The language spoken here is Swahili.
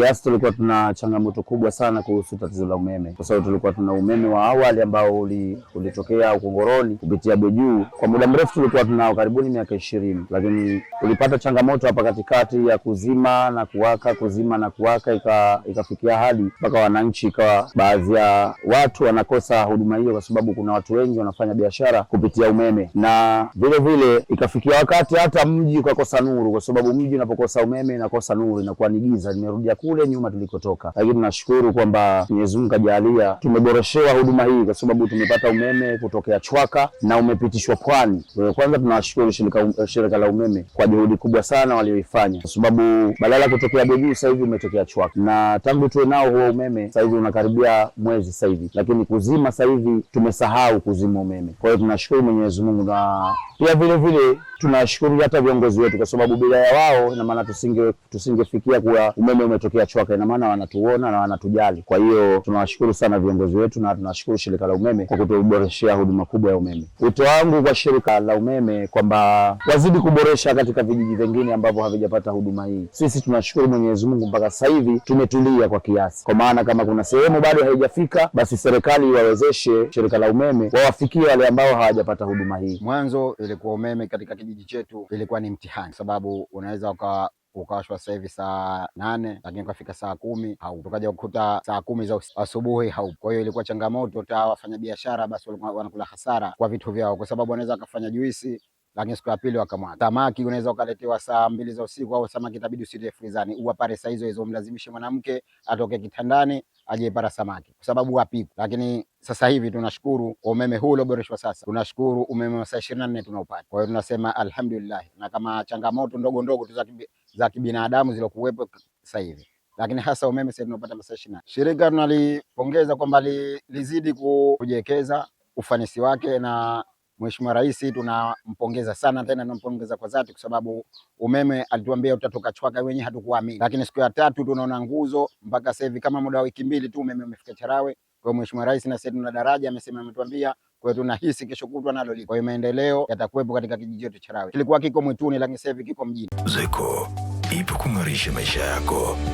kiasi tulikuwa tuna changamoto kubwa sana kuhusu tatizo la umeme, kwa sababu tulikuwa tuna umeme wa awali ambao ulitokea uli Ukongoroni kupitia Bwejuu. Kwa muda mrefu tulikuwa tunao karibuni miaka ishirini, lakini ulipata changamoto hapa katikati ya kuzima na kuwaka, kuzima na kuwaka, ikafikia ika hadi mpaka wananchi, ikawa baadhi ya watu wanakosa huduma hiyo, kwa sababu kuna watu wengi wanafanya biashara kupitia umeme, na vile vile ikafikia wakati hata mji ukakosa nuru, kwa sababu mji unapokosa umeme inakosa nuru, inakuwa ni giza, limerudia kule nyuma tulikotoka, lakini tunashukuru kwamba Mwenyezi Mungu kajalia tumeboreshewa huduma hii kwa sababu tumepata umeme kutokea Chwaka na umepitishwa Pwani. Kwanza tunashukuru shirika, shirika la umeme kwa juhudi kubwa sana walioifanya, kwa sababu badala ya kutokea Buguu sasa hivi umetokea Chwaka, na tangu tuwe nao huo umeme sasa hivi unakaribia mwezi sasa hivi, lakini kuzima sasa hivi tumesahau kuzima umeme. Kwa hiyo tunashukuru Mwenyezi Mungu na pia vile vile tunashukuru hata viongozi wetu, kwa sababu bila ya wao, ina maana tusinge tusingefikia kuwa umeme umetokea Chwaka. Ina maana wanatuona na wanatujali. Kwa hiyo tunawashukuru sana viongozi wetu na tunashukuru shirika la umeme kwa kutuboreshea huduma kubwa ya umeme. Wito wangu kwa shirika la umeme kwamba wazidi kuboresha katika vijiji vingine ambavyo havijapata huduma hii. Sisi tunashukuru Mwenyezi Mungu mpaka sasa hivi tumetulia kwa kiasi, kwa maana kama kuna sehemu bado haijafika, basi serikali iwawezeshe shirika la umeme wawafikie wale ambao hawajapata huduma hii mwanzo eh, ilikuwa umeme katika kijiji chetu ilikuwa ni mtihani, sababu unaweza uka ukawashwa sasa hivi saa nane lakini ukafika saa kumi hau, tukaja kukuta saa kumi za asubuhi hau. Kwa hiyo ilikuwa changamoto, hata wafanyabiashara basi wanakula hasara kwa vitu vyao, kwa sababu wanaweza wakafanya juisi lakini siku ya pili wakamwaga. Samaki unaweza ukaletewa saa mbili za usiku, au samaki itabidi usitie frizani, uwapare saa hizo hizo, umlazimishe mwanamke atoke kitandani aje para samaki, kwa sababu wapiku. Lakini sasa hivi tunashukuru umeme huu ulioboreshwa sasa, tunashukuru umeme wa saa ishirini na nne tunaupata. Kwa hiyo tunasema alhamdulillah, na kama changamoto ndogo ndogo tu za kibinadamu zilokuwepo sasa hivi lakini hasa umeme sasa tunapata masaa ishirini na nne. Shirika tunalipongeza kwamba lizidi kujiwekeza ufanisi wake na Mheshimiwa Rais tunampongeza sana tena, tunampongeza kwa dhati, kwa sababu umeme alituambia utatoka Chwaka, wenyewe hatukuamini, lakini siku ya tatu tunaona nguzo mpaka sasa hivi kama muda wa wiki mbili tu umeme umefika Charawe. Kwa hiyo Mheshimiwa Rais na sisi tuna daraja amesema, ametuambia kwa hiyo tunahisi kesho kutwa nalo lipo. Kwa hiyo maendeleo yatakuwepo katika kijiji chetu Charawe, kilikuwa kiko mwituni, lakini sasa hivi kiko mjini. ZECO ipo kung'arisha maisha yako.